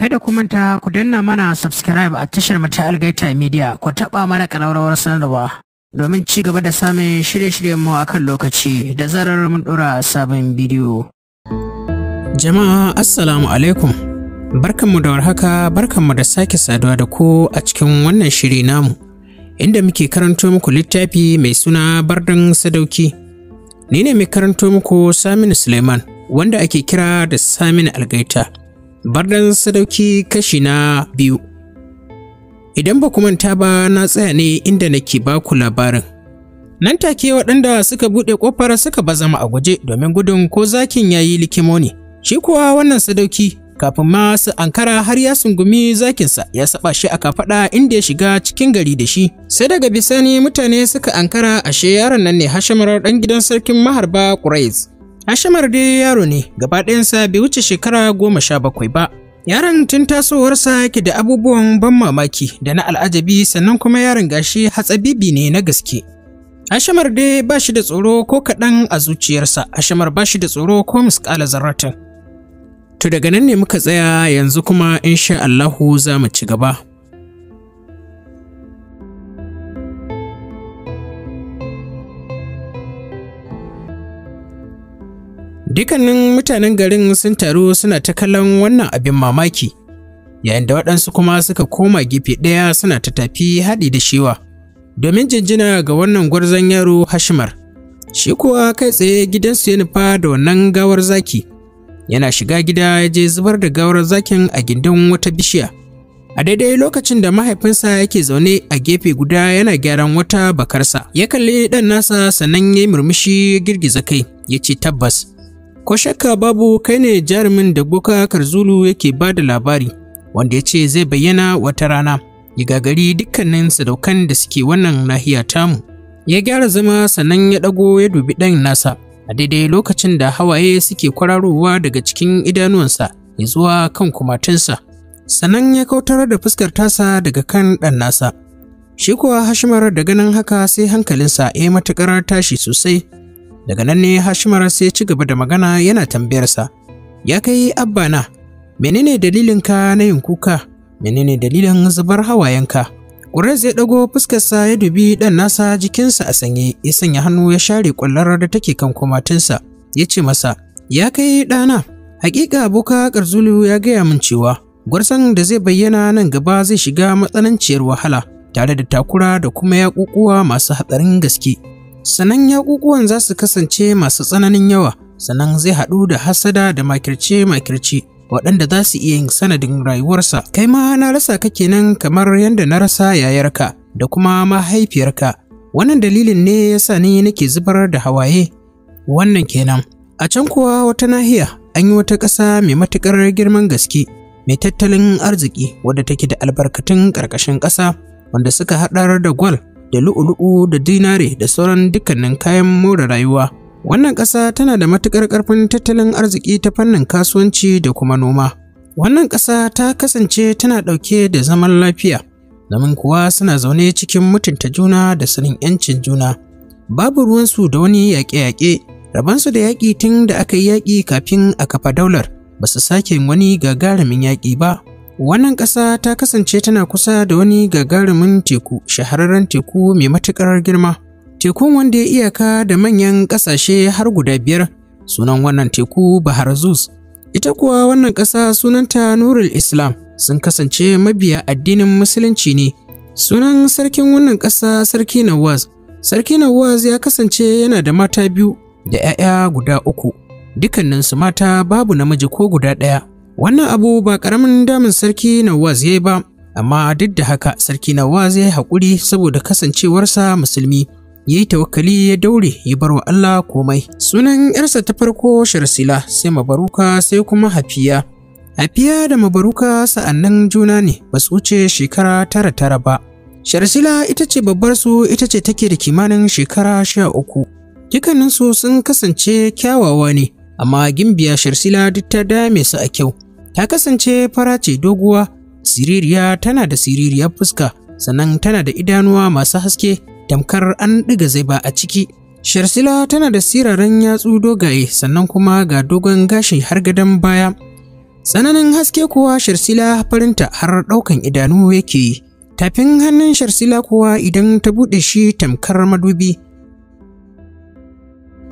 Kada ku manta ku danna mana subscribe a tashar mata Algaita Media ku taɓa mana ƙararrawar sanarwa domin ci gaba da samun shirye-shiryen mu akan lokaci da zarar mun ɗora sabon bidiyo. Jama'a Assalamu alaikum. Barkanmu da warhaka, barkanmu da sake saduwa da ku a cikin wannan shiri namu inda muke karanto muku littafi mai suna Bardan Sadauki. Ni ne mai karanto muku Saminu Suleiman wanda ake kira da Saminu Algaita. Bardan sadauki kashi na biyu. Idan ba ku manta ba na tsaya ne inda nake ba ku labarin. Nan take waɗanda suka buɗe ƙofar suka ba zama a guje domin gudun ko zakin ya yi likimo ne. Shi kuwa wannan sadauki kafin ma su ankara har ya sungumi zakinsa ya saba shi a kafaɗa inda ya shiga cikin gari da shi sai daga bisani mutane suka ankara ashe yaron nan ne hashamarar ɗan gidan sarkin maharba Quraiz Ashamar dai yaro ne, gaba ɗayansa bai wuce shekara goma sha bakwai ba. Yaron tun tasowarsa yake da abubuwan ban mamaki da na al'ajabi sannan kuma yaron gashi hatsabibi ne na gaske. Ashamar dai ba shi da tsoro ko kaɗan a zuciyarsa, Ashamar ba shi da tsoro ko misƙala zarratin. To daga nan ne muka tsaya yanzu kuma insha Allahu za mu ci gaba. Dukkanin mutanen garin sun taru suna ta kallon wannan abin mamaki, yayin da waɗansu kuma suka koma gefe ɗaya suna ta tafi haɗi da shiwa Domin jinjina ga wannan gwarzon yaro Hashimar, shi kuwa kai tsaye gidansu ya nufa da wannan gawar zaki. Yana shiga gida ya je zubar da gawar zakin a gindin wata bishiya. A daidai lokacin da mahaifinsa yake zaune a gefe guda yana gyaran wata bakarsa, ya kalli ɗan nasa sannan ya yi murmushi girgiza kai, ya ce tabbas Ko shakka babu kai ne jarumin da Boka Karzulu yake ba da labari, wanda ya ce zai bayyana wata rana, ya gagari dukkanin sadaukan da suke wannan nahiya tamu. Ya gyara zama sannan ya ɗago ya dubi ɗan nasa, a daidai lokacin da hawaye suke kwararowa daga cikin idanuwansa ya zuwa kan kumatunsa. Sannan ya kautar da fuskar tasa daga kan ɗan nasa. Shi kuwa Hashimar da ganin haka sai hankalinsa ya matuƙar tashi sosai daga nan ne hashimar sai ya ci gaba da magana yana tambayarsa ya kai abba na menene ka na yin kuka menene dalilin zubar hawayenka Ƙuraz ya ɗago fuskarsa ya dubi ɗan nasa jikinsa a sanye ya sanya hannu ya share ƙwallar da take kan kumatinsa ya ce masa ya kai ɗana hakika aboka ƙarzulu ya gaya min cewa gwarsan da zai bayyana nan gaba zai shiga matsananciyar wahala tare da takura da kuma yaƙuƙuwa masu hatsarin gaske sannan yaƙuƙuwan za su kasance masu tsananin yawa sannan zai haɗu da hasada da makirce-makirce waɗanda za su iya yin sanadin rayuwarsa kai ma na rasa ka kenan kamar yadda na rasa yayarka da kuma mahaifiyarka wannan dalilin ne ya sa ni nake zubar da hawaye wannan kenan a can kuwa wata nahiya an yi wata ƙasa mai matuƙar girman gaske mai tattalin arziki wadda take da albarkatun ƙarƙashin ƙasa wanda suka haɗar da gwal da lu'ulu'u da dinare da sauran dukkanin kayan more rayuwa. Wannan ƙasa tana da matuƙar ƙarfin tattalin arziki ta fannin kasuwanci da kuma noma. Wannan ƙasa ta kasance tana ɗauke da zaman lafiya, domin kuwa suna zaune cikin mutunta juna da sanin 'yancin juna. Babu ruwansu da wani yaƙe-yaƙe, rabansu da yaƙi tun da aka yi yaƙi kafin a kafa daular, ba su sake wani gagarumin yaƙi ba. Wannan ƙasa ta kasance tana kusa da wani gagarumin teku, shahararren teku mai matuƙar girma. Tekun wanda ya iyaka da manyan ƙasashe har guda biyar, sunan wannan teku Bahar Zuz. Ita kuwa wannan ƙasa sunanta Nurul Islam sun kasance mabiya addinin Musulunci ne. Sunan sarkin wannan ƙasa Sarki Nawaz. Sarki Nawaz ya kasance yana da mata biyu da ‘ya'ya guda uku. Dukkaninsu mata babu namiji ko guda ɗaya. Wannan abu ba ƙaramin damin sarki Nawaz ya yi ba, amma duk da haka sarki Nawaz ya yi haƙuri saboda kasancewarsa musulmi. Ya yi tawakkali ya daure ya bar wa Allah komai. Sunan ‘yarsa ta farko Sharsila sai Mabaruka sai kuma Hafiya. Hafiya da Mabaruka sa'annan juna ne ba su wuce shekara tara tara ba. Sharsila ita ce babbar su ita ce take da kimanin shekara sha uku. Dukkaninsu sun kasance kyawawa ne, amma gimbiya Sharsila duk ta dame su a kyau. ta kasance fara ce doguwa siririya tana da siririyar fuska sannan tana da idanuwa masu haske tamkar an ɗiga zaiba a ciki sharsila tana da siraran yatsu dogaye sannan kuma ga dogon gashi har gadon baya tsananin haske kuwa sharsila farinta har ɗaukan idanu yake yi tafin hannun sharsila kuwa idan ta buɗe shi tamkar madubi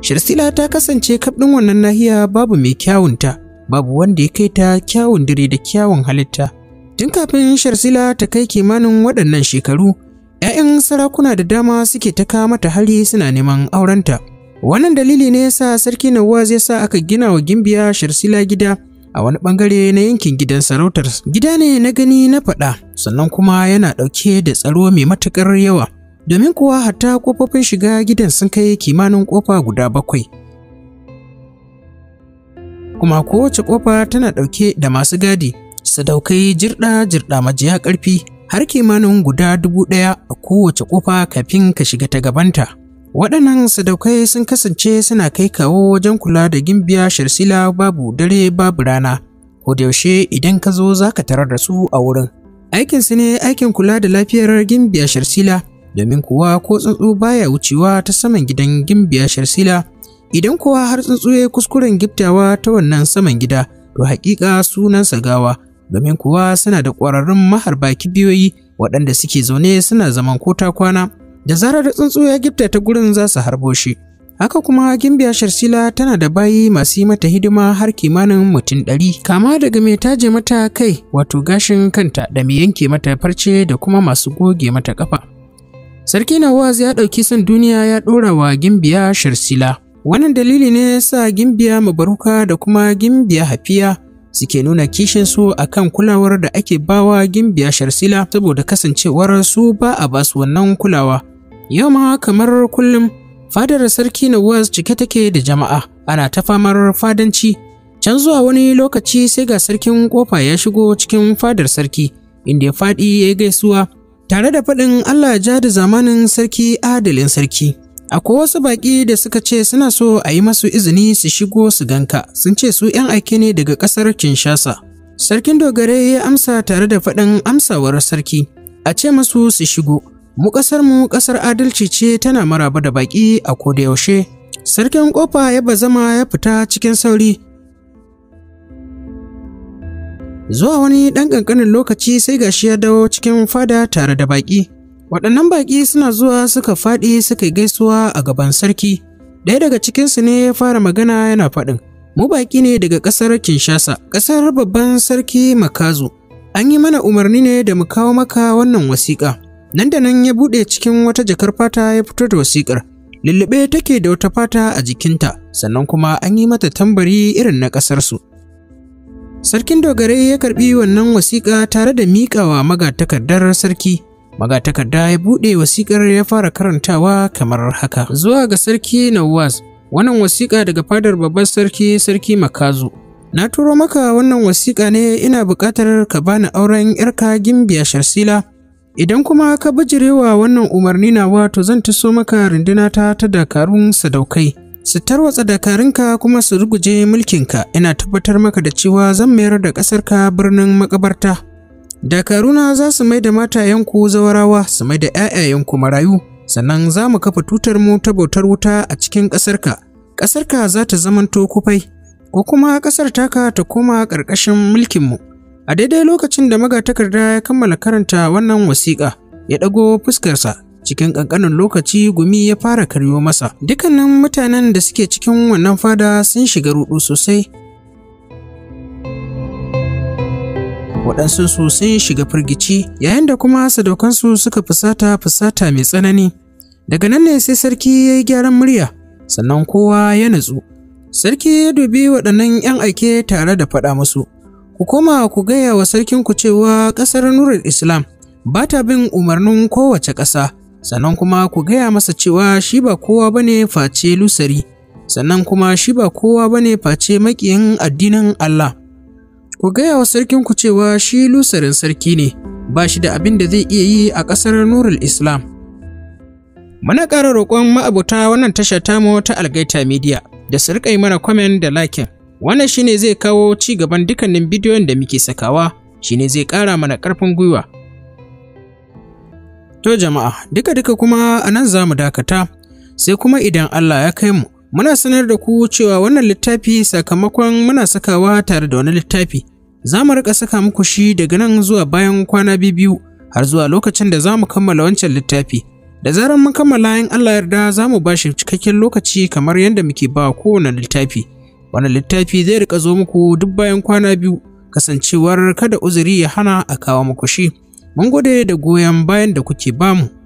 sharsila ta kasance kaɗin wannan nahiya babu mai kyawunta babu wanda ya kai ta kyawun dire da kyawun halitta tun kafin sharsila ta kai kimanin waɗannan shekaru 'ya'yan sarakuna da dama suke ta kawo mata hari suna neman aurenta wannan dalili ne sa sarki nawaz zai sa aka gina wa gimbiya sharsila gida a wani ɓangare na yankin gidan sarautar gida ne na gani na faɗa sannan kuma yana ɗauke da tsaro mai matuƙar yawa domin kuwa hatta ƙofofin shiga gidan sun kai kimanin ƙofa guda bakwai kuma kowace ƙofa tana ɗauke da masu gadi sadaukai jirɗa-jirɗa majiya karfi har kimanin guda dubu ɗaya a kowace ƙofa kafin ka shiga ta gabanta. Waɗannan sadaukai sun kasance suna kai kawo wajen kula da gimbiya sharsila babu dare babu rana. yaushe idan ka zo za ka tarar da su a wurin. Aikinsu ne aikin kula da lafiyar gimbiya sharsila domin kuwa ko tsuntsu baya wucewa ta saman gidan gimbiya sharsila Idan kowa har tsuntsuye kuskuren giftawa ta wannan saman gida, to haƙiƙa sunansa gawa, domin kuwa suna da ƙwararrun maharba kibiyoyi waɗanda suke zaune suna zaman kota kwana. Da zarar tsuntsu ya gifta ta gurin za su harbo shi. Haka kuma Gimbiya Sharsila tana da bayi masu yi mata hidima har kimanin mutum ɗari, kama daga mai taje mata kai wato gashin kanta da mai yanke mata farce da kuma masu goge mata ƙafa. Sarki Nawaz ya ɗauki son duniya ya ɗora wa Gimbiya Sharsila. Wannan dalili ne ya sa Gimbiya Mabaruka da kuma Gimbiya Hafiya suke nuna kishin su akan kulawar da ake bawa Gimbiya Sharsila saboda kasancewar su ba a basu wannan kulawa. Yau ma kamar kullum fadar sarki na Nawaz cike take da jama'a ana ta famar fadanci can zuwa wani lokaci sai ga sarkin kofa ya shigo cikin fadar sarki inda ya faɗi ya gaisuwa tare da faɗin Allah ja da zamanin sarki adalin sarki Akwai wasu baƙi da suka ce suna so a yi masu izini su shigo su ganka, sun ce su ‘yan aike ne daga ƙasar Kinshasa. Sarkin dogare ya amsa tare da faɗin amsawar sarki, a ce masu su shigo. Mu ƙasarmu ƙasar adalci ce tana maraba da baƙi a yaushe. Sarkin ƙofa ya zama ya fita cikin sauri. Zuwa wani ɗan ƙanƙanin lokaci sai gashi ya dawo cikin fada tare da baƙi. waɗannan baƙi suna zuwa suka faɗi suka yi gaisuwa a gaban sarki ɗaya daga cikinsu ne ya fara magana yana faɗin mu baƙi ne daga ƙasar kinshasa ƙasar babban sarki makazu an yi mana umarni ne da mu kawo maka wannan wasiƙa nan da nan ya buɗe cikin wata jakar fata ya fito da wasiƙar lullube take da wata fata a jikinta sannan kuma an yi mata tambari irin na ƙasarsu. Sarkin dogarai ya karɓi wannan wasiƙa tare da miƙawa magatakardar sarki magatakarda ya buɗe wasikar ya fara karantawa kamar haka zuwa ga sarki nawaz wannan wasiƙa daga fadar babban sarki sarki makazu na turo maka wannan wasiƙa ne ina buƙatar ka bani auren yarka gimbiya sharsila idan kuma ka bijirewa wannan umarni nawa to zan taso maka rinduna ta ta dakarun sadaukai su tarwatsa dakarunka kuma su ruguje mulkinka ina tabbatar maka da cewa zan mayar da ƙasarka birnin makabarta Dakaruna za su mai da matayenku zawarawa su mai da ‘ya'yayenku marayu, sannan za mu kafa tutar mu ta bautar wuta a cikin ƙasarka. Ƙasarka za ta zamanto kufai, ko kuma ƙasar taka ta koma ƙarƙashin mulkinmu. A daidai lokacin da magatakarda ya kammala karanta wannan wasiƙa, ya ɗago fuskarsa cikin ƙanƙanin lokaci gumi ya fara karyo masa. Dukkanin mutanen da suke cikin wannan fada sun shiga ruɗu sosai, su sun shiga firgici yayin da kuma sadaukansu suka fusata fusata mai tsanani daga nan ne sai sarki ya yi gyaran murya sannan kowa ya natsu sarki ya dubi waɗannan 'yan aike tare da faɗa musu ku koma ku gaya wa Sarkin ku cewa ƙasar nurul islam ba ta bin umarnin kowace ƙasa sannan kuma ku gaya masa cewa shi ba kowa ba ne face lusari sannan kuma shi ba kowa ba ne face maƙiyin addinin allah ku gaya wa ku cewa shi lusarin sarki ne ba shi da abin da zai iya yi a ƙasar nurul islam muna ƙara roƙon ma'abuta wannan tasha tamu ta algaita media da su riƙa yi mana kwamen da lakin wannan shine zai kawo ci gaban dukkanin bidiyon da muke sakawa shine zai ƙara mana ƙarfin gwiwa to jama'a duka duka kuma a nan za mu dakata sai kuma idan allah ya kai mu muna sanar da ku cewa wannan littafi sakamakon muna sakawa tare da wani littafi Za mu riƙa saka muku shi daga nan zuwa bayan kwana biyu har zuwa lokacin da za mu kammala wancan littafi. Da zarar mun kammala in Allah yarda za mu ba shi cikakken lokaci kamar yadda muke ba kowane littafi. Wannan littafi zai rika zo muku duk bayan kwana biyu kasancewar kada uzuri ya hana a kawo muku shi. Mun gode da goyon bayan da kuke bamu.